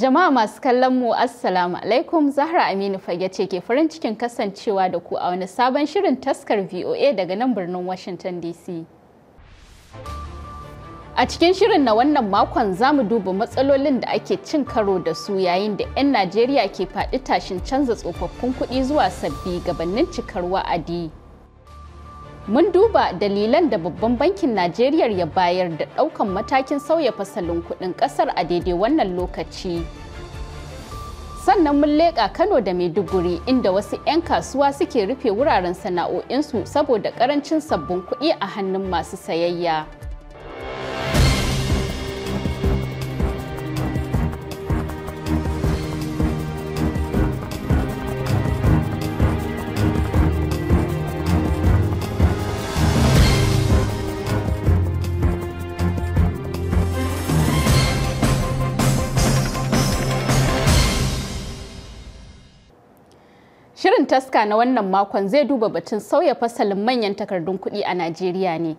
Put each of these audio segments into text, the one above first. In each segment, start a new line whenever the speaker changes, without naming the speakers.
Jama'a masu kallon mu Assalamu alaikum Zahra Aminu Fage ce ke farin cikin kasancewa da ku a wani sabon shirin taskar VOA daga nan birnin Washington DC. A cikin shirin na wannan makon za mu duba matsalolin da ake cin karo da su yayin da 'yan Najeriya ke faɗi tashin canza tsofaffin kuɗi zuwa sabbi gabanin cikar wa'adi. mun duba dalilan da babban bankin najeriya ya bayar da daukan matakin sauya fasalin kudin kasar a daidai wannan lokaci sannan mun leƙa kano da maiduguri inda wasu 'yan kasuwa suke rufe wuraren sana'o'insu saboda ƙarancin sabbin kuɗi a hannun masu sayayya. taska na wannan makon zai duba batun sauya fasalin manyan takardun kuɗi a Najeriya ne.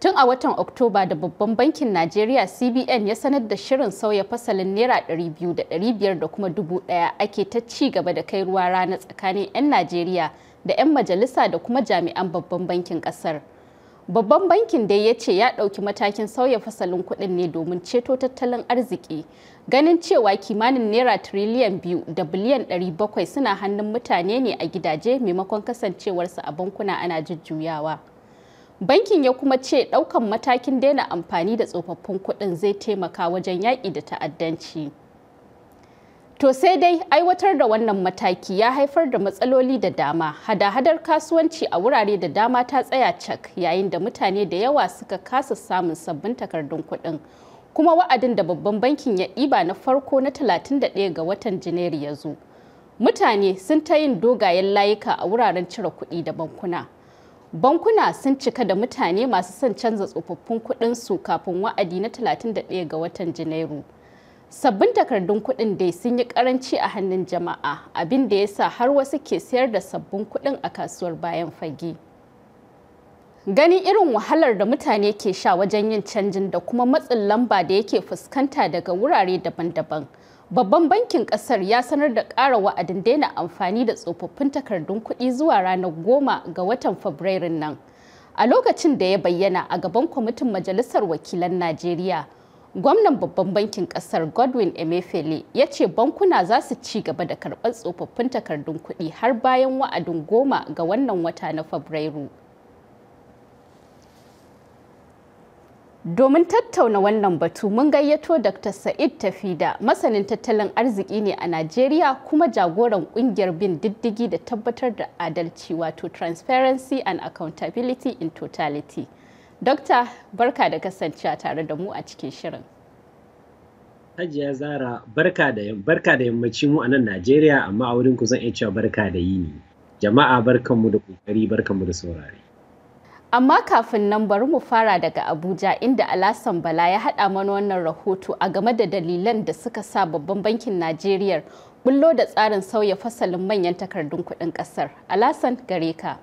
Tun a watan Oktoba da Babban Bankin Najeriya CBN ya sanar da shirin sauya fasalin Naira biyu da biyar da kuma dubu 1000 ake ta ci gaba da kai ruwa rana tsakanin 'yan Najeriya da 'yan majalisa da kuma jami'an Babban Bankin ƙasar. Babban bankin dai ya ce ya ɗauki matakin sauya fasalin kuɗin ne domin ceto tattalin arziki ganin cewa kimanin naira tiriliyan biyu da biliyan ɗari bakwai suna hannun mutane ne a gidaje maimakon kasancewarsu a bankuna ana jujjuyawa bankin ya kuma ce ɗaukan matakin daina amfani da tsofaffin kuɗin zai taimaka wajen yaƙi da ta'addanci to sai dai aiwatar da wannan mataki ya haifar da matsaloli da dama hada-hadar kasuwanci a wurare da dama ta tsaya cak yayin da mutane da yawa suka kasa samun sabbin takardun kuɗin kuma wa'adin da babban bankin ya ɗiba na farko na 31 ga watan janairu ya zo mutane sun ta yin dogayen layuka a wuraren cire kuɗi da bankuna bankuna sun cika da mutane masu son canza tsofaffin kuɗinsu kafin wa'adi na 31 ga watan janairu sabbin takardun kuɗin dai sun yi ƙaranci a hannun jama'a abin da ya sa har wasu ke sayar da sabbin kuɗin a kasuwar bayan fage. Gani irin wahalar da mutane ke sha wajen yin canjin da kuma matsin lamba da yake fuskanta daga wurare daban-daban babban bankin kasar ya sanar da ƙara wa'adin daina amfani da tsofaffin takardun kuɗi zuwa ranar goma ga watan fabrairun nan a lokacin da ya bayyana a gaban kwamitin majalisar wakilan najeriya gwamnan babban bankin kasar godwin Emefele, ya ce bankuna za su ci gaba da karɓar tsofaffin takardun kuɗi har bayan wa'adin goma ga wannan wata na fabrairu Domin tattauna wannan batu mun gayyato Dr. Sa'id Tafida, masanin tattalin arziki ne a Najeriya kuma jagoran kungiyar bin diddigi da tabbatar da adalci wato Transparency and Accountability in Totality. Dokta, barka da kasancewa tare da mu a cikin shirin.
Hajiya Zara, barka da barka yammaci mu a nan Najeriya amma a wurin ku zan iya cewa barka da yini. Jama'a barkanmu da kokari barkanmu da saurare.
Amma kafin nan bari mu fara daga Abuja inda Alasan Bala ya haɗa mana wannan rahoto a game da dalilan da suka sa babban bankin Najeriya bullo da tsarin sauya fasalin manyan takardun kuɗin ƙasar. Alasan gare ka.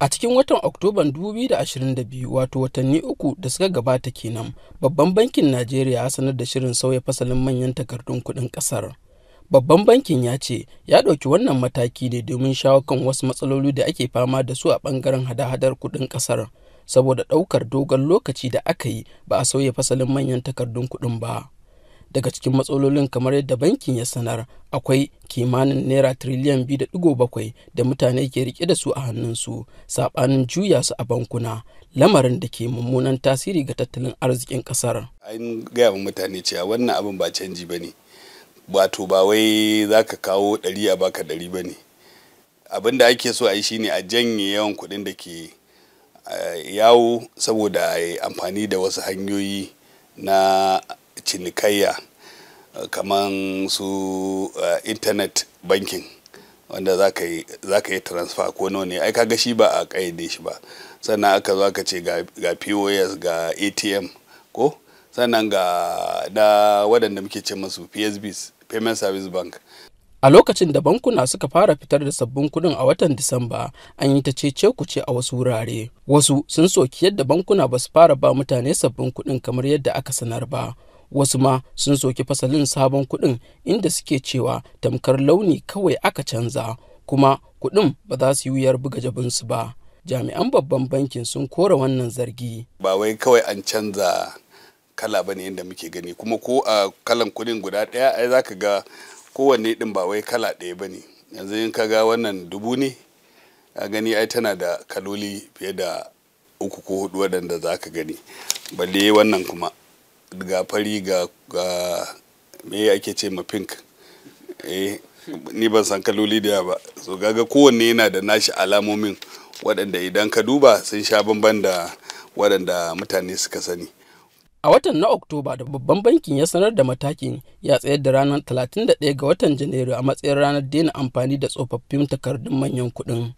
A cikin watan Oktoban 2022 wato watanni uku da suka gabata kenan, babban bankin Najeriya ya sanar da shirin sauya fasalin manyan takardun kuɗin ƙasar. Babban bankin ya ce ya ɗauki wannan mataki ne domin shawo kan wasu matsaloli da ake fama da su a ɓangaren hada-hadar kuɗin ƙasar saboda ɗaukar dogon lokaci da aka yi ba a sauya fasalin manyan takardun kuɗin ba. Daga cikin matsalolin kamar yadda bankin ya sanar akwai kimanin naira tiriliyan biyu da bakwai da mutane ke rike da su a hannunsu saɓanin juya su a bankuna lamarin da ke mummunan tasiri ga tattalin arzikin ƙasar.
An gaya wa mutane cewa wannan abin ba canji ba ne. wato ba wai za ka kawo ɗari a baka ɗari ba ne abin da ake so a yi shine a janye yawan kuɗin da ke eh, yawo saboda a amfani da wasu hanyoyi na cinikayya eh, kamar su eh, internet banking wanda za ka yi transfer ko nawa ne ai kaga shi ba a kayyade shi ba sannan aka zo aka ce ga pos ga atm sannan ga da waɗanda muke ce masu psbs payment service bank
a lokacin da bankuna suka fara fitar da sabbin kuɗin a watan disamba an yi ta cece kuce a wasu wurare wasu sun soki yadda bankuna ba su fara ba mutane sabbin kuɗin kamar yadda aka sanar ba wasu ma sun soki fasalin sabon kuɗin inda suke cewa tamkar launi kawai aka canza kuma kuɗin ba za su yi wuyar buga jabinsu ba jami'an babban bankin sun kora wannan zargi
ba wai kawai an canza kala ba ne yadda muke gani kuma ko a kalan kudin guda ɗaya ai za ka ga kowanne ɗin ba wai kala ɗaya ba ne yanzu in ka ga wannan dubu ne a gani ai tana da kaloli fiye da uku ko hudu waɗanda za ka gani balle wannan kuma ga fari ga me ake ce ma pink eh, ni ban san kaloli da ba so gaga kowanne yana da nashi alamomin waɗanda idan ka duba sun sha bamban da waɗanda mutane suka sani A watan na
Oktoba da babban bankin ya sanar da matakin ya tsayar da ranar 31 ga watan Janairu a matsayin ranar daina amfani da tsofaffin takardun manyan kuɗin.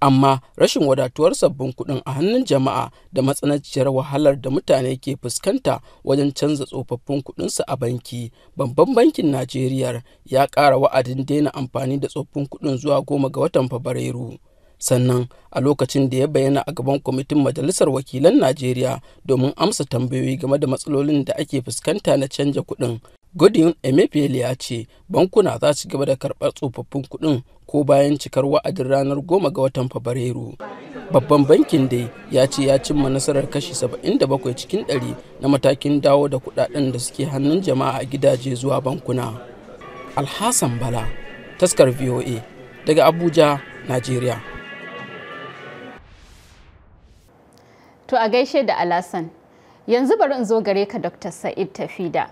Amma rashin wadatuwar sabbin kuɗin a hannun jama'a da matsananciyar wahalar da mutane ke fuskanta wajen canza tsofaffin kuɗinsu a banki, babban bankin Najeriya ya ƙara wa'adin daina amfani da tsoffin kuɗin zuwa goma ga watan Fabrairu. sannan a lokacin da ya bayyana a gaban kwamitin majalisar wakilan najeriya domin amsa tambayoyi game da matsalolin da ake fuskanta na canja kuɗin godin emefiele ya ce bankuna za su gaba da karɓar tsofaffin kuɗin ko bayan cikar wa'adin ranar goma ga watan fabrairu babban bankin dai ya ce ya cimma nasarar kashi 77 cikin 100 na matakin dawo da kuɗaɗen da suke hannun jama'a a gidaje zuwa bankuna alhassan bala taskar voa daga abuja najeriya
To a gaishe da Alasan. Yanzu bari in zo gare ka Dr. Sa'id Tafida.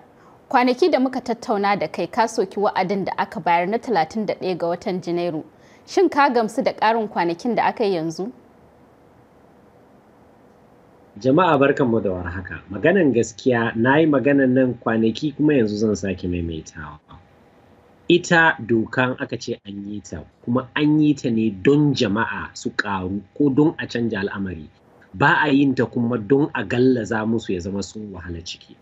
Kwanaki da muka tattauna da kai ka soki wa'adin da aka bayar na 31 ga watan Janairu. Shin ka gamsu da ƙarin kwanakin da aka yi yanzu?
Jama'a barkanmu da warhaka. Maganan gaskiya na yi maganan nan kwanaki kuma yanzu zan sake maimaitawa. Ita dokan aka ce an yi ta kuma an yi ta ne don jama'a su ƙaru ko don a canja al'amari. ba a yin ta kuma don a gallaza musu ya zama sun wahala ciki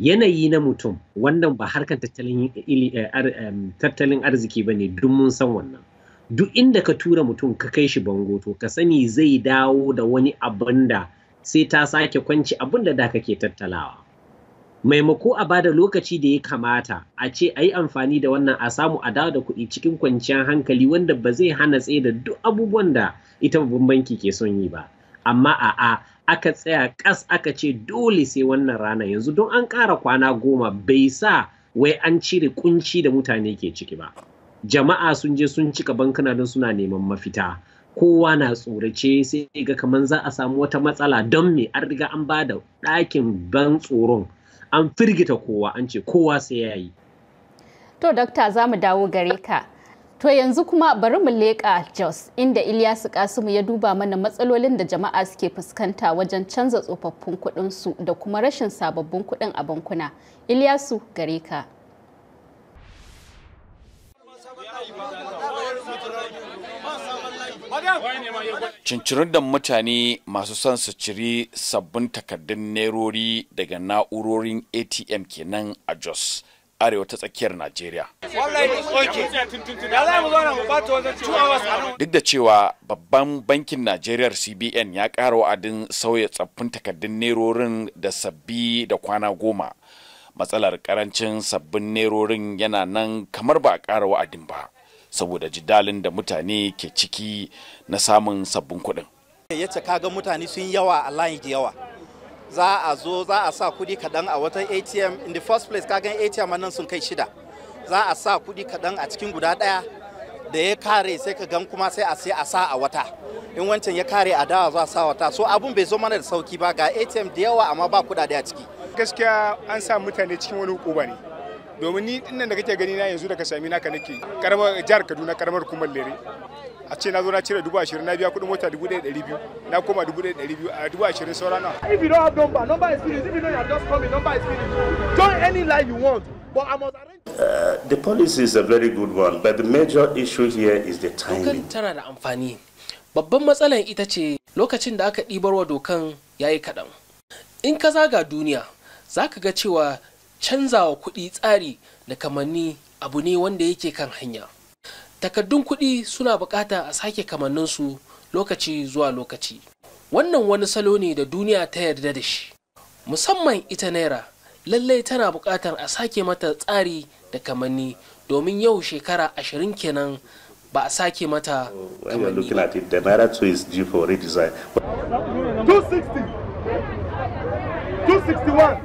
yanayi na mutum wannan ba harkar eh, tattalin arziki ba ne duk mun san wannan duk inda ka tura mutum ka kai shi bango to ka sani zai dawo da wani abin da sai ta sake kwanci abin da da kake tattalawa maimako a bada lokaci da ya kamata a ce a yi amfani da wannan a samu a dawo da kuɗi cikin kwanciyar hankali wanda ba zai hana tsaye da duk abubuwan da ita babban banki ke son yi ba amma a'a aka tsaya ƙas aka ce dole sai wannan rana yanzu don an ƙara kwana goma bai sa wai an cire kunci da mutane ke ciki ba jama'a sun je sun cika bankuna don suna neman mafita kowa na tsorace sai ga kamar za a samu wata matsala don me an riga an ba da ɗakin ban tsoron an firgita kowa an ce kowa sai ya yi
to dokta za mu dawo gare ka To yanzu kuma bari mu leƙa Jos inda Ilyasu Kasimu ya duba mana matsalolin da jama'a suke fuskanta wajen canza tsofaffin kuɗinsu da kuma rashin sababbin kuɗin a bankuna. Ilyasu gare ka.
Cincirin da mutane masu son su cire sabbin takardun nerori daga na'urorin ATM kenan a Jos. arewa ta tsakiyar Najeriya. Duk da cewa babban bankin Najeriya CBN ya ƙara wa'adin sauya tsaffin takardun nerorin da sabbi da kwana goma. Matsalar karancin sabbin nerorin yana nan kamar ba a ƙara wa'adin ba, saboda jidalin da mutane ke ciki na samun sabbin kuɗin.
Yace ga mutane sun yawa a layin da yawa. za a zo za a sa kudi kaɗan a wata atm in the first place kagan atm nan sun kai shida za a sa kudi kaɗan a cikin guda ɗaya da ya kare sai ka gan kuma sai a sai a sa a wata in wancan ya kare a dawa za a sa wata so abun bai zo mana da sauki ba ga atm da yawa amma ba kudade a ciki
gaskiya an sa mutane cikin wani hukuma ne domin ni dinnan da kake gani na yanzu daga sami naka nake karamar jihar Kaduna karamar kuma lere a ce na zo na cire dubu ashirin na biya kuɗin mota dubu ɗaya ɗari biyu na koma dubu ɗaya ɗari biyu a dubu ashirin saura na. if you don't have number number is finish if you know you are just
coming number is finish join any line you want but I must arrange.
Uh,
the policy is a very good one but the major issue here is the timing. Dokan
tana da amfani babban matsalan ita ce lokacin da aka ɗibar wa dokan ya yi kaɗan in ka zaga duniya za ka ga cewa canzawa kuɗi tsari da kamanni abu ne wanda yake kan hanya takaddun kuɗi suna buƙata a sake kamanninsu lokaci zuwa lokaci wannan wani salo ne da duniya ta yarda da shi musamman ita naira lallai tana buƙatar a sake mata tsari da kamanni domin yau shekara ashirin kenan ba a sake mata
kamanni
261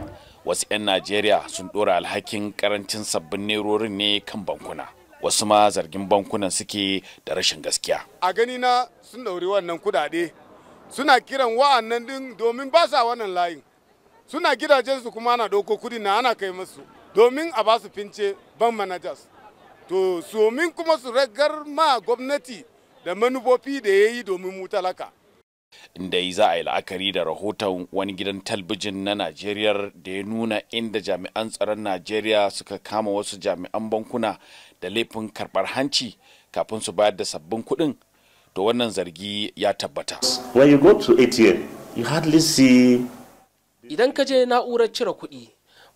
wasu 'yan najeriya sun dora alhakin karancin sabbin nerorin ne kan bankuna wasu ma zargin bankunan suke da rashin gaskiya
a gani na sun dauri wannan kudade suna kiran wa'annan din domin ba sa wannan layin suna gidajen su kuma ana dauko kudi na ana kai musu domin a ba su fince ban managers to domin kuma su ragar ma gwamnati da manufofi da ya yi domin mu talaka
inda za a yi la'akari da rahoton wani gidan talbijin na najeriya da ya nuna inda jami'an tsaron najeriya suka kama wasu jami'an bankuna da laifin karɓar hanci kafin su bayar da sabbin kuɗin to wannan zargi ya tabbata when
you go to atm you hardly see
idan ka je na'urar cire kuɗi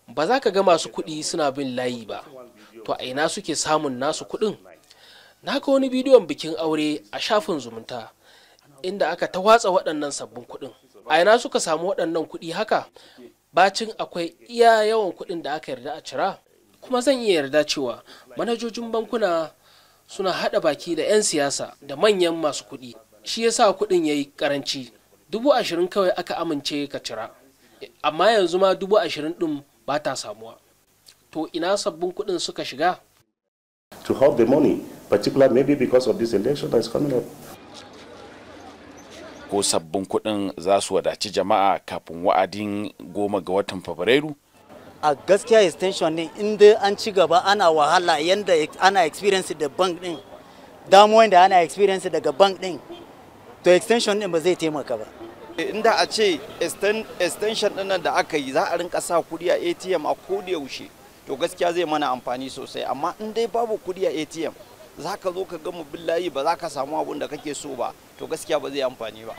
ba za ka ga masu kuɗi suna bin layi ba to a ina suke samun nasu kuɗin na ga wani bidiyon bikin aure a shafin zumunta inda aka ta watsa waɗannan sabbin kuɗin a ina suka samu waɗannan kuɗi haka bacin akwai iya yawan kuɗin da aka yarda a cira kuma zan iya yarda cewa manajojin bankuna suna haɗa baki da 'yan siyasa da manyan masu kuɗi shi ya sa kuɗin ya yi ƙaranci dubu ashirin kawai aka amince ka cira amma yanzu ma dubu ashirin ɗin ba ta samuwa to ina sabbin kuɗin suka shiga
to hold the money particularly maybe because of this election that is coming up
ko sabbin kuɗin za su wadaci jama'a kafin wa'adin goma ga watan fabrairu a gaskiya extension ne inda an ci gaba ana wahala yadda ana
experience da bank din damuwan da ana experience daga bank din to extension din ba zai taimaka ba inda a ce extension din da aka yi za a rinka sa kudi a atm a yaushe to gaskiya zai mana amfani sosai amma in dai babu kuɗi a atm za ka zo ka gama billahi ba za ka samu abun da kake so ba to gaskiya ba zai amfani ba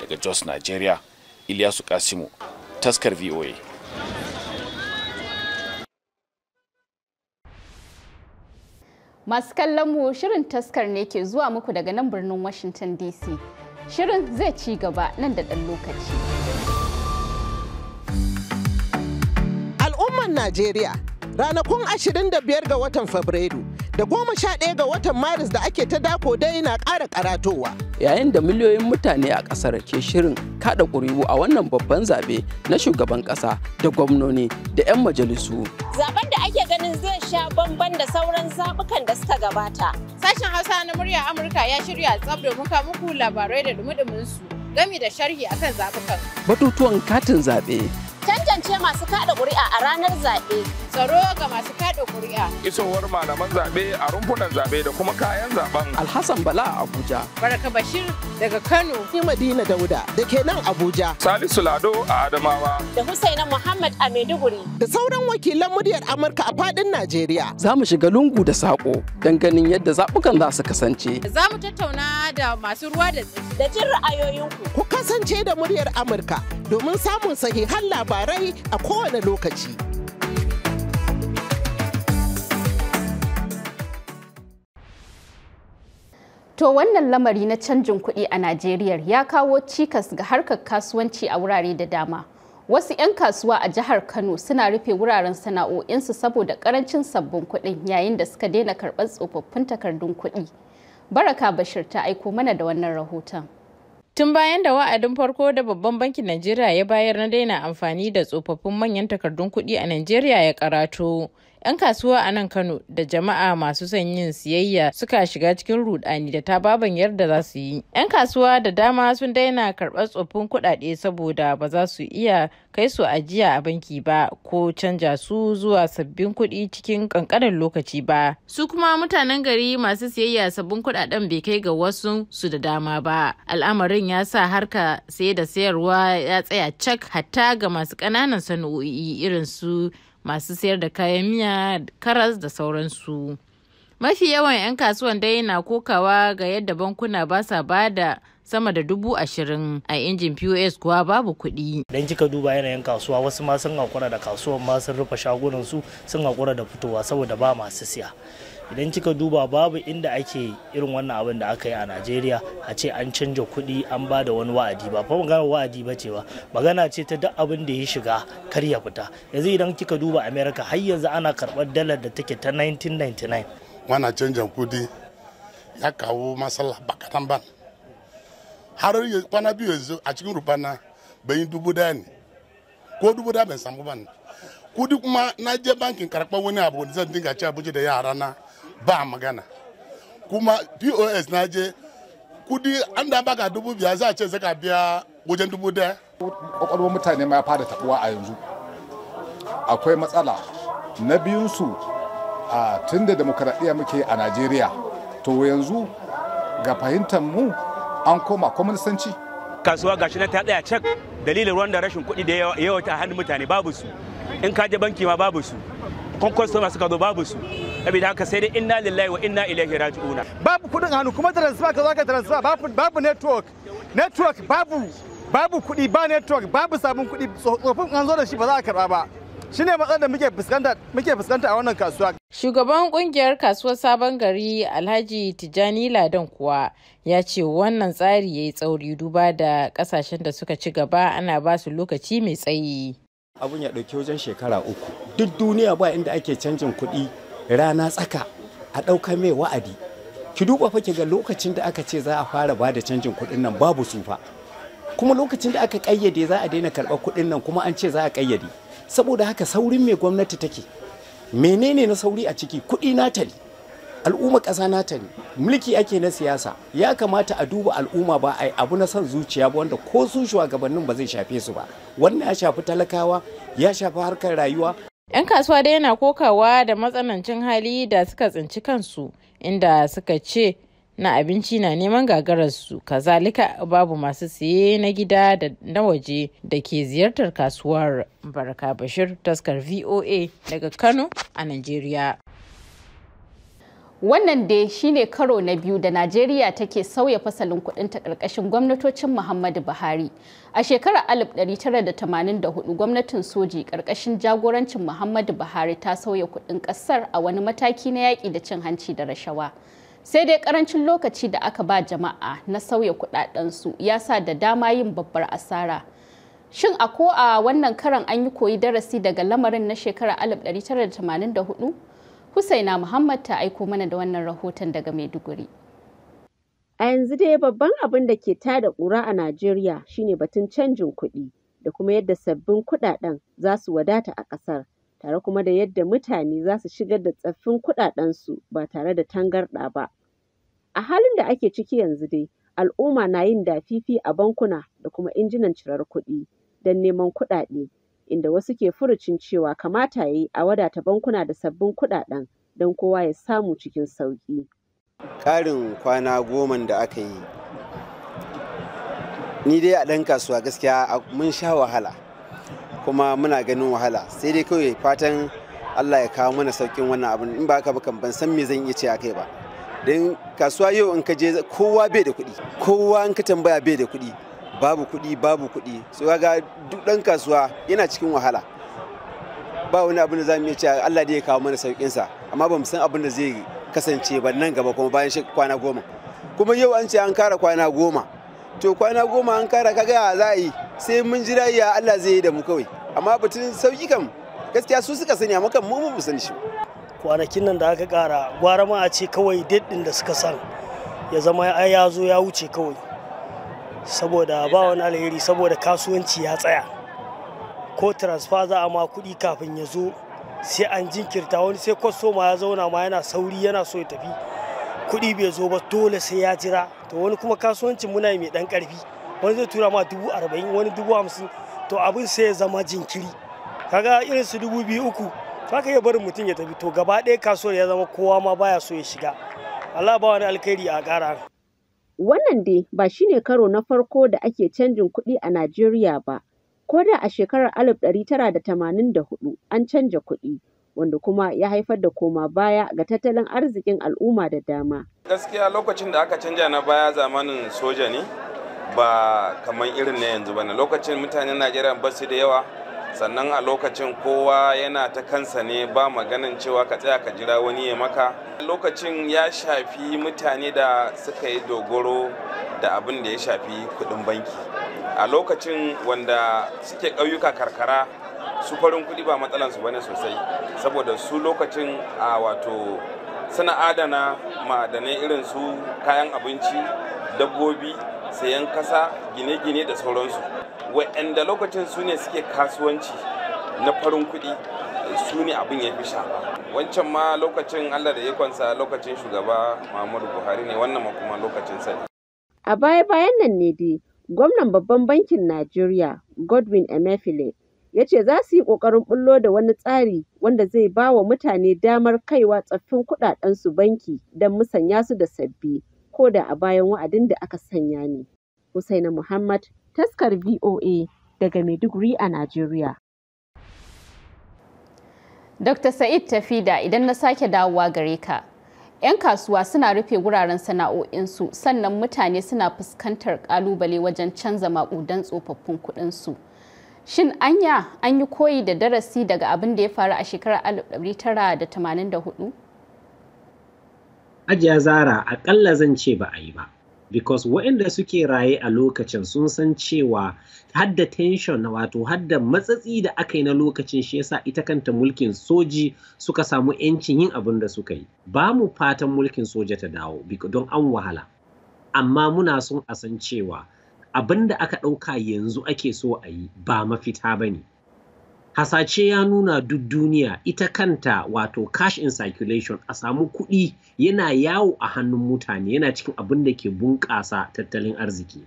daga jos nigeria iliyasu kasimu taskar voa
masu kallon mu shirin taskar ne ke zuwa muku daga nan birnin washington dc shirin zai ci gaba nan da ɗan lokaci
al'ummar najeriya ranakun 25 ga watan Fabrairu da 11 ga watan Maris da ake ta dako dai na ƙara karatowa. Yayin da miliyoyin mutane a ƙasar ke shirin kada ƙuri'u a wannan babban zaɓe na shugaban ƙasa da gwamnoni da 'yan majalisu.
Zaben da ake ganin zai sha bamban da sauran zaɓukan da suka gabata. Sashen Hausa na murya Amurka ya shirya tsab domin ka muku labarai da dumi-duminsu gami da sharhi akan zaɓukan.
Batutuwan katin zaɓe
kasance masu kada kuri'a a ranar zaɓe. Tsaro ga masu kada kuri'a
Isowar malaman zaɓe a rumfunan zaɓe da kuma kayan zaɓen. Alhassan Bala a
Abuja.
Baraka Bashir daga
Kano. Ni Madina Dauda da ke nan Abuja. Salisu Lado a Adamawa.
Da Husaina Muhammad a Maiduguri. Da sauran wakilan muryar Amurka a
faɗin
Najeriya. Za mu shiga lungu da saƙo don ganin yadda zaɓukan za su kasance.
Za mu
tattauna da masu ruwa da tsaki. Da jin ra'ayoyinku.
Ku kasance da muryar Amurka domin samun sahihan labarai a kowane lokaci. To
wannan lamari na canjin kuɗi a Najeriya ya kawo cikas ga harkar kasuwanci a wurare da dama. Wasu 'yan kasuwa a jihar Kano suna rufe wuraren sana'o'insu saboda karancin sabbin kuɗin yayin da suka daina karɓar tsofaffin takardun kuɗi. Baraka Bashir ta aiko mana da wannan rahoton.
Tun bayan da wa'adin farko da babban bankin Najeriya ya bayar na daina amfani da tsofaffin manyan takardun kuɗi a Najeriya ya karato, 'Yan kasuwa a nan Kano da jama'a masu son yin siyayya suka shiga cikin rudani da ta baban yadda za su yi. 'Yan kasuwa da dama sun daina karɓar tsoffin kuɗaɗe saboda ba za su iya kai su ajiya a banki ba ko canja su zuwa sabbin kuɗi cikin ƙanƙanin lokaci ba. Su kuma mutanen gari masu siyayya sabbin kuɗaɗen bai kai ga wasu su da dama ba. Al'amarin ya sa harka sai da sayarwa ya tsaya cak hatta ga masu ƙananan sana'o'i irin su masu sayar da kayan miya karas da sauransu mafi yawan 'yan kasuwan dai na kokawa ga yadda bankuna ba sa ba da sama da dubu ashirin a injin pos kuwa babu kuɗi. idan kika duba yanayin kasuwa wasu ma sun hakura da kasuwan ma sun rufe shagunan su sun hakura da
fitowa saboda ba masu siya idan kika duba babu inda ake irin wannan abin da aka yi a najeriya a ce an canja kuɗi an ba da wani wa'adi ba fa magana wa'adi ba ce ba magana ce ta duk abin da ya shiga kar ya fita yanzu idan kika duba america har yanzu ana karbar
dalar da take ta 1999 wana canjan kuɗi ya kawo matsala ba ban. har kwana biyu yanzu a cikin rubana bai yi dubu daya ne ko dubu daya bai samu ban kudi kuma na je bankin karɓar wani abu wani zan dinga cewa abuja da yara na ba magana kuma pos na je kudi an da baka dubu biya za a ce zaka biya wajen dubu daya kwakwalwar mutane ma ya fara tabuwa a yanzu akwai matsala na biyunsu a tun da muke a najeriya to yanzu ga fahimtar mu an koma kwamunisanci
kasuwa gashi na ta daya cak dalilin ruwan da rashin kuɗi da yawa ta hannun mutane babu su in ka je banki ma babu su kwankwasto suka zo babu su saboda haka sai dai inna lillahi wa inna ilaihi raji'una
babu kuɗin hannu kuma transfer ka zo ka transfer babu babu network network babu babu kuɗi ba network babu sabon kuɗi tsofin an zo da shi ba za a karɓa ba shine matsalar da muke fuskanta muke fuskanta a wannan kasuwa
shugaban kungiyar kasuwar sabon gari alhaji tijani ladan kuwa ya ce wannan tsari ya yi tsauri duba da kasashen da suka ci gaba ana ba su lokaci mai tsayi
abun ya ɗauki wajen shekara uku duk duniya ba inda ake canjin kuɗi rana tsaka a ɗauka mai wa'adi ki duba fa ga lokacin da aka ce za a fara ba da canjin kuɗin nan babu sufa kuma lokacin da aka kayyade za a daina karɓar kuɗin nan kuma an ce za a kayyade saboda haka saurin mai gwamnati take menene na sauri a ciki kudi natali ne al'umma ƙasa na mulki ake na siyasa ya kamata a duba al'umma ba a abu na son zuciya ba wanda ko su shugabannin ba zai shafe su ba wannan ya shafi talakawa ya shafi harkar rayuwa
'yan kasuwa dai yana kokawa da matsanancin hali da suka tsinci kansu inda suka ce na abinci na neman gagararsu kazalika babu masu siye na gida da na waje da ke ziyartar kasuwar baraka bashir taskar voa daga kano a nigeria wannan dai shine karo na biyu da najeriya take
sauya fasalin kudin ta karkashin gwamnatocin muhammadu buhari a shekarar 1984 gwamnatin soji karkashin jagorancin muhammadu buhari ta sauya kudin kasar a wani mataki na yaƙi da cin hanci da rashawa sai dai karancin lokaci da aka ba jama'a na sauya kudadensu ya sa da dama yin babbar asara shin a ko a wannan karan an yi koyi darasi daga lamarin na shekarar 1984 husaina muhammad ta aiko mana da wannan rahoton daga maiduguri
a yanzu dai babban abin da ke tada kura a najeriya shine batun canjin kuɗi da kuma yadda sabbin kuɗaɗen za su wadata a ƙasar tare kuma da yadda mutane za su shigar da tsaffin kuɗaɗensu ba tare da tangarɗa ba. A halin da ake ciki yanzu dai, al'umma na yin dafifi a bankuna da kuma injinan cirar kuɗi don neman kuɗaɗe, inda wasu ke furucin cewa kamata ya yi a wadata bankuna da sabbin kuɗaɗen don kowa ya samu cikin sauƙi.
Ƙarin kwana goma da aka yi, ni dai a ɗan kasuwa gaskiya mun sha wahala. kuma muna ganin wahala sai dai kawai fatan allah ya kawo mana saukin wannan abin in ba haka ba kan ban san me zan iya ce kai ba don kasuwa yau in ka je kowa bai da kuɗi kowa in ka tambaya bai da kuɗi babu kuɗi babu kuɗi su ga duk ɗan kasuwa yana cikin wahala ba wani abin da za mu iya ce Allah da ya kawo mana saukin sa amma ba mu san abin da zai kasance ba nan gaba kuma bayan kwana goma kuma yau an ce an kara kwana goma to kwana goma an kara kaga za a yi sai mun jira ya Allah zai yi da mu kawai amma batun sauki kam gaskiya su suka sani amma kan mu mu sani shi
kwanakin nan da aka kara gwara ma a ce kawai din da suka san ya zama ai ya zo ya wuce kawai saboda ba wani alheri saboda kasuwanci ya tsaya ko transfer za a ma kuɗi kafin ya zo sai an jinkirta wani sai kwastoma ma ya zauna ma yana sauri yana so ya tafi kuɗi bai zo ba dole sai ya jira to wani kuma kasuwancin muna mai ɗan karfi. wani zai tura ma dubu arba'in wani dubu hamsin to abin sai ya zama jinkiri kaga irin su dubu biyu uku za ka iya barin mutum ya tafi to gaba ɗaya kasuwar ya zama kowa ma baya so ya shiga Allah ba wani alkhairi a ƙara.
Wannan dai ba shine karo na farko da ake canjin kuɗi a Najeriya ba, ko da a shekarar 1984 an canja kuɗi, wanda kuma ya haifar da koma baya ga tattalin arzikin al'umma da dama.
Gaskiya lokacin da aka canja na baya zamanin soja ne, ba kamar irin na yanzu bane lokacin mutanen najeriya ba su da yawa sannan a lokacin kowa yana ta kansa ne ba maganin cewa ka tsaya ka jira wani ya maka lokacin ya shafi mutane da suka yi dogoro da abin da ya shafi kudin banki a lokacin wanda suke ƙauyuka karkara su farin kuɗi ba matsalansu bane sosai saboda su lokacin a wato suna adana ma'adanai irin su kayan abinci dabbobi sayan kasa gine-gine da sauransu wa'anda lokacin su ne suke kasuwanci na farin kuɗi su ne abin ya fi shafa wancan ma lokacin allah da ikonsa lokacin shugaba muhammadu buhari ne wannan ma kuma lokacin sa
a baya-bayan nan ne dai gwamnan babban bankin najeriya godwin emefiele ya ce za su yi ƙoƙarin bullo da wani tsari wanda zai ba wa mutane damar kaiwa tsaffin kuɗaɗensu banki don musanya su da sabbi ko da a bayan wa'adin da aka sanya ne. Husaina Muhammad, taskar VOA daga Maiduguri a Najeriya. Dr. Sa'id Tafida
idan na sake dawowa gare ka. 'Yan kasuwa suna rufe wuraren sana'o'insu sannan mutane suna fuskantar kalubale wajen canza maƙudan tsofaffin kuɗinsu. Shin anya an yi koyi da darasi daga abin da ya faru a shekarar 1984?
Ajiya zara akalla zan ce ba a yi ba. Because waɗanda suke raye a lokacin sun san cewa hadda tension na wato hadda matsatsi da aka yi na lokacin shi yasa ita kanta mulkin soji suka samu 'yancin yin abin da suka yi. Ba mu fatan mulkin soja ta dawo don an wahala. Amma muna sun a san cewa abin da aka ɗauka yanzu ake so a yi ba mafita ba ne Hasace ya nuna duk duniya ita kanta wato cash in circulation a samu kuɗi yana yawo a hannun mutane yana cikin abin da ke bunƙasa tattalin arziki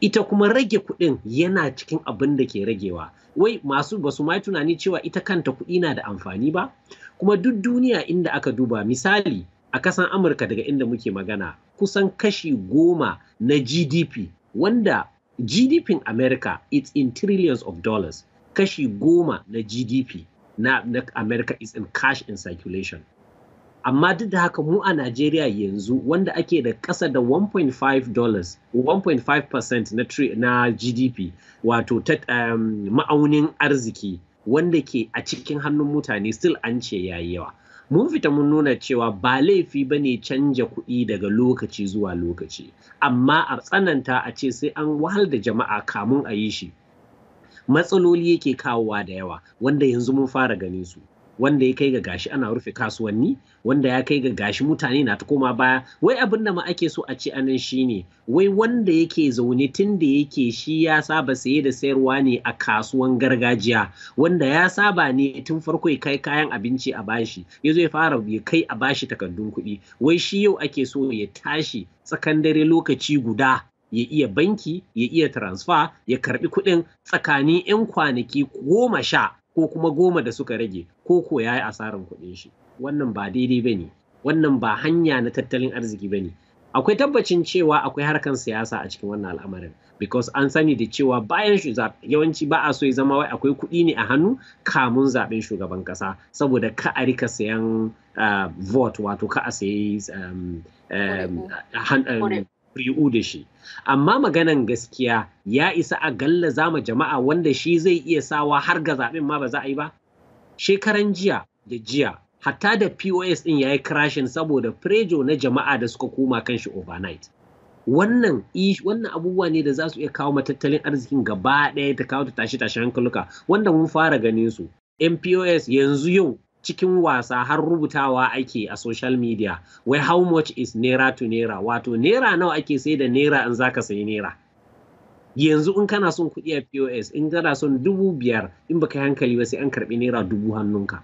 ita kuma rage kuɗin yana cikin abin da ke ragewa wai masu basu ma tunani cewa ita kanta kuɗi na da amfani ba kuma duk duniya inda aka duba misali a kasan amurka daga inda muke magana kusan kashi goma na gdp wanda GDP America it's in trillions of dollars kashi goma na GDP na, America is in cash in circulation amma duk da haka mu a Najeriya yanzu wanda ake da ƙasa da 1.5 dollars 1.5% na, na GDP wato ta um, ma'aunin arziki wanda ke a cikin hannun mutane still an ce yayi yawa mun fita mun nuna cewa ba laifi ba ne canja kuɗi daga lokaci zuwa lokaci amma a tsananta a ce sai an wahal da jama'a kamun a yi shi matsaloli yake kawowa da yawa wanda yanzu mun fara ganin su wanda ya kai ga gashi ana rufe kasuwanni wanda ya kai ga gashi mutane na ta koma baya wai abin da ma ake so a ce anan shine wai wanda yake zaune tun da yake shi ya saba saye da sayarwa ne a kasuwan gargajiya wanda ya saba ne tun farko ya kai kayan abinci a bashi ya zo ya fara ya kai a bashi takardun kuɗi wai shi yau ake so ya tashi tsakan dare lokaci guda ya iya banki ya iya transfer ya karbi kuɗin tsakanin 'yan kwanaki goma sha ko kuma goma da suka rage ko koya ya yi asarar kuɗin shi wannan ba daidai ba ne wannan ba hanya na tattalin arziki ba ne akwai tabbacin cewa akwai harkar siyasa a cikin wannan al'amarin because an sani da cewa bayan yawanci ba a so ya zama wai akwai kuɗi ne a hannu kamun zaɓen shugaban ƙasa saboda ka a rika sayan ah, vote wato ka a sayi um, um, ri'u um, da shi amma maganan gaskiya ya isa a galla zama jama'a wanda shi zai iya sawa har ga zaɓen ma ba za a yi ba shekaran jiya da jiya hatta da pos din ya yi crashing saboda prejo na jama'a da suka koma kan shi overnight wannan wannan abubuwa ne da za su iya kawo matattalin arzikin gaba ɗaya ta kawo ta tashi tashi hankaluka wanda mun fara ganin su mpos yanzu yau cikin wasa har rubutawa ake a social media wai how much is naira to naira wato naira nawa ake sai da naira in zaka sayi naira yanzu in kana son kuɗi a pos in kana son dubu biyar in baka hankali ba sai an karɓi naira dubu hannunka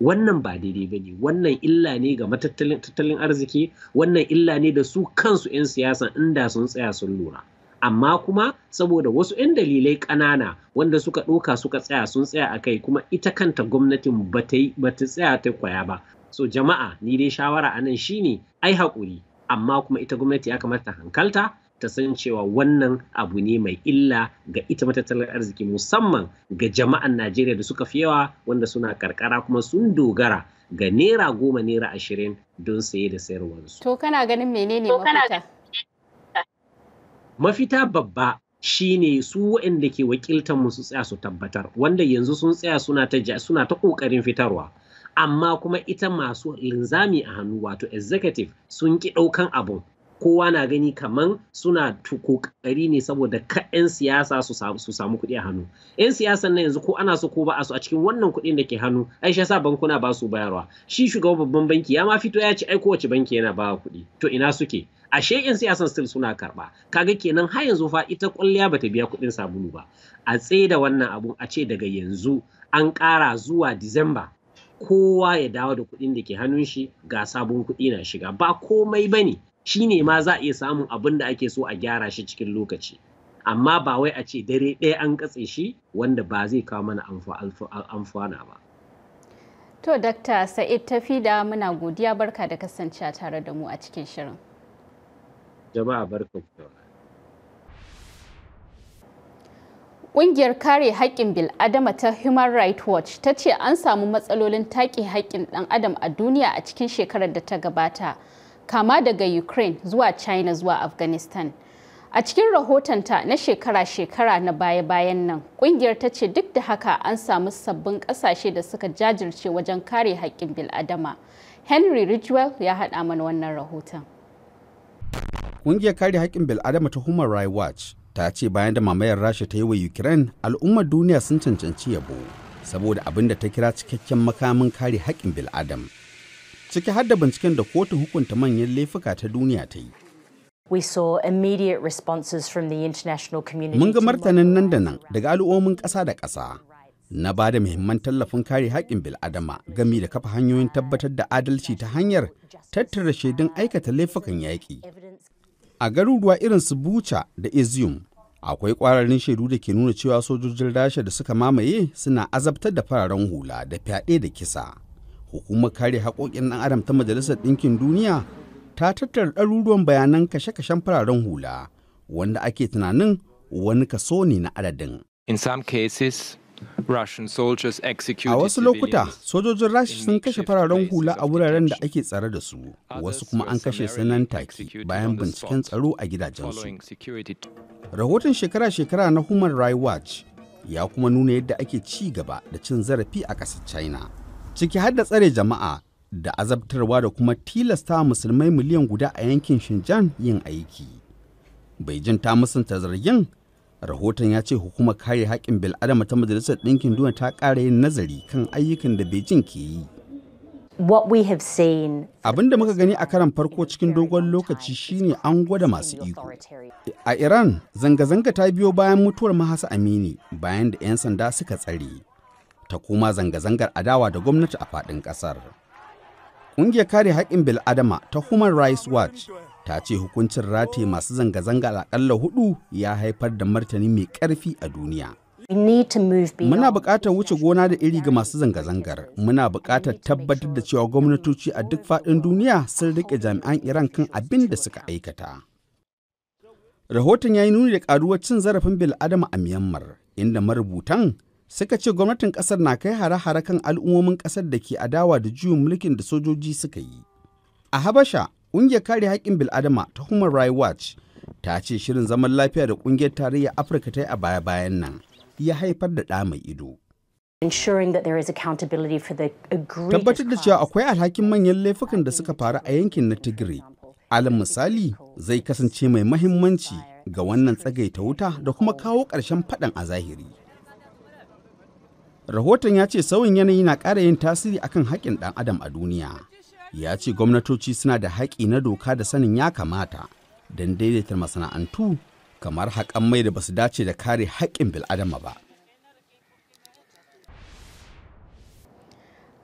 wannan ba daidai ba ne wannan illa ne ga matattalin arziki wannan illa ne da su kansu 'yan siyasa inda sun tsaya sun lura amma kuma saboda wasu 'yan dalilai ƙanana wanda suka ɗoka suka tsaya sun tsaya a kai kuma ita kanta gwamnatin ba ta tsaya ta kwaya ba so jama'a ni dai shawara a nan shine ai haƙuri amma kuma ita gwamnati ya kamata hankalta ta san cewa wannan abu ne mai illa ga ita matattalar arziki musamman ga jama'an Najeriya da suka fi yawa wanda suna karkara kuma sun dogara ga naira goma naira ashirin don saye da sayarwarsu.
To kana ganin menene mafita?
Mafita babba shine su waɗanda ke wakiltar su tsaya su tabbatar wanda yanzu sun tsaya suna ta suna ƙoƙarin fitarwa. amma kuma ita masu linzami a hannu wato executive sun ki ɗaukan abun kowa na gani kaman suna kokari ne saboda ka 'yan siyasa su samu kuɗi a hannu 'yan siyasan na yanzu ko ana so ko ba a su a cikin wannan kuɗin da ke hannu ai shi yasa bankuna ba su bayarwa shi shugaban babban banki ya ma fito ya ce ai kowace banki yana ba kuɗi to ina suke ashe 'yan siyasan still suna karɓa kaga kenan har yanzu fa ita kwalliya bata biya kuɗin sabulu ba a tsaye da wannan abun a ce daga yanzu an ƙara zuwa disamba kowa ya dawo da kuɗin da ke hannun shi ga sabon kuɗi na shiga ba komai ba ne shi ne ma za a iya samun abin da ake so a gyara shi cikin lokaci amma ba wai a ce dare ɗaya an katse shi wanda ba zai kawo mana amfana ba
to dakta sa'id tafi da muna godiya barka da kasance tare da mu a cikin shirin
jama'a barka
Ƙungiyar kare haƙƙin adama ta Human Rights Watch ta ce an samu matsalolin take haƙƙin ɗan adam a duniya a cikin shekarar da ta gabata. kama daga Ukraine zuwa China zuwa Afghanistan. A cikin rahotonta na shekara-shekara na baya-bayan nan, kungiyar ta ce duk da haka an samu sabbin kasashe da suka jajirce wajen kare haƙƙin bil'adama. Henry Ridgewell ya haɗa mana wannan rahoton.
ƙungiyar kare haƙƙin bil'adama ta Human Rights Watch ta ce bayan da mamayar Rasha ta yi wa Ukraine, al'ummar duniya sun cancanci yabo saboda abin da ta kira cikakken makamin kare haƙƙin bil'adama. ciki har da binciken da kotun hukunta manyan laifuka ta duniya ta yi.
We saw immediate responses from the international Mun ga
martanin nan da nan daga al'ummomin ƙasa da ƙasa na ba da muhimman tallafin kare haƙƙin bil'adama gami da kafa hanyoyin tabbatar da adalci ta hanyar tattara shaidun aikata laifukan yaƙi. A garuruwa irin su Bucha da Izium, akwai ƙwararrun shaidu da ke nuna cewa sojojin Rasha da suka mamaye suna azabtar da fararen hula da fyaɗe da kisa. hukumar kare haƙoƙin ɗan adam ta majalisar ɗinkin duniya ta tattara ɗaruruwan bayanan kashe-kashen fararen hula wanda ake tunanin wani kaso ne na adadin.
In some cases, Russian soldiers A wasu lokuta,
sojojin Rasha sun kashe fararen hula a wuraren da ake tsare da su, wasu kuma an kashe su nan take bayan binciken tsaro a gidajensu. Rahoton shekara-shekara na Human Rights Watch ya kuma nuna yadda ake ci gaba da cin zarafi a kasar China. ciki har da tsare jama'a da azabtarwa da kuma tilasta musulmai miliyan guda a yankin Shinjan yin aiki. Beijing ta musanta zargin rahoton ya ce hukumar kare haƙƙin bil'adama ta majalisar ɗinkin duniya ta ƙara yin nazari kan ayyukan da Beijing ke yi. Abin da muka gani a karan farko cikin dogon lokaci shine an gwada masu iko. A Iran, zanga-zanga ta biyo bayan mutuwar Mahasa Amini bayan da 'yan sanda suka tsare. ta kuma zanga-zangar adawa da gwamnati a faɗin ƙasar. Ƙungiyar kare haƙƙin bil'adama ta Human Rights Watch ta ce hukuncin rataye masu zanga-zanga aƙalla hudu ya haifar da martani mai ƙarfi a duniya. Muna buƙatar wuce gona da iri ga masu zanga-zangar. Muna buƙatar tabbatar da cewa gwamnatoci a duk faɗin duniya sun riƙe jami'an Iran kan abin da suka aikata. Rahoton ya yi nuni da ƙaruwar cin zarafin bil'adama a Myanmar, inda marubutan suka ce gwamnatin kasar na kai hare-hare kan al'ummomin kasar da ke adawa da juyin mulkin da sojoji suka yi. A Habasha, ƙungiyar kare haƙƙin bil'adama ta Human Rights Watch ta ce shirin zaman lafiya da ƙungiyar tarayya Afirka ta yi a baya-bayan nan ya haifar da ɗa mai ido. Tabbatar da cewa akwai alhakin manyan laifukan da suka faru a yankin na Tigray. Alal misali zai kasance mai mahimmanci ga wannan tsagaita wuta da kuma kawo ƙarshen faɗan a zahiri. Rahoton ya ce sauyin yanayi na ƙara yin tasiri akan haƙƙin ɗan adam a duniya. Ya ce gwamnatoci suna da haƙƙi na doka da sanin ya kamata don daidaita masana'antu kamar haƙan mai da basu dace da kare haƙƙin bil'adama ba.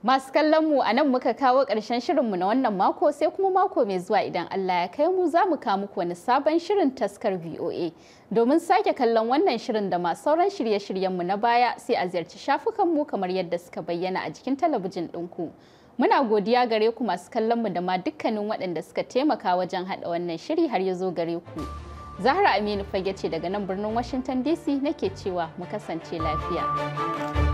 Masu kallon mu a nan muka kawo ƙarshen shirinmu na wannan mako sai kuma mako mai zuwa idan Allah ya kai mu za mu kawo muku wani sabon shirin taskar VOA. Domin sake kallon wannan shirin da masu sauran shirye-shiryenmu na baya sai a ziyarci shafukanmu kamar yadda suka bayyana a jikin talabijin ɗinku. Muna godiya gare ku masu kallon mu da ma dukkanin waɗanda suka taimaka wajen haɗa wannan shiri har ya zo gare ku. Zahra Aminu fage ce daga nan birnin Washington DC nake cewa mu kasance lafiya.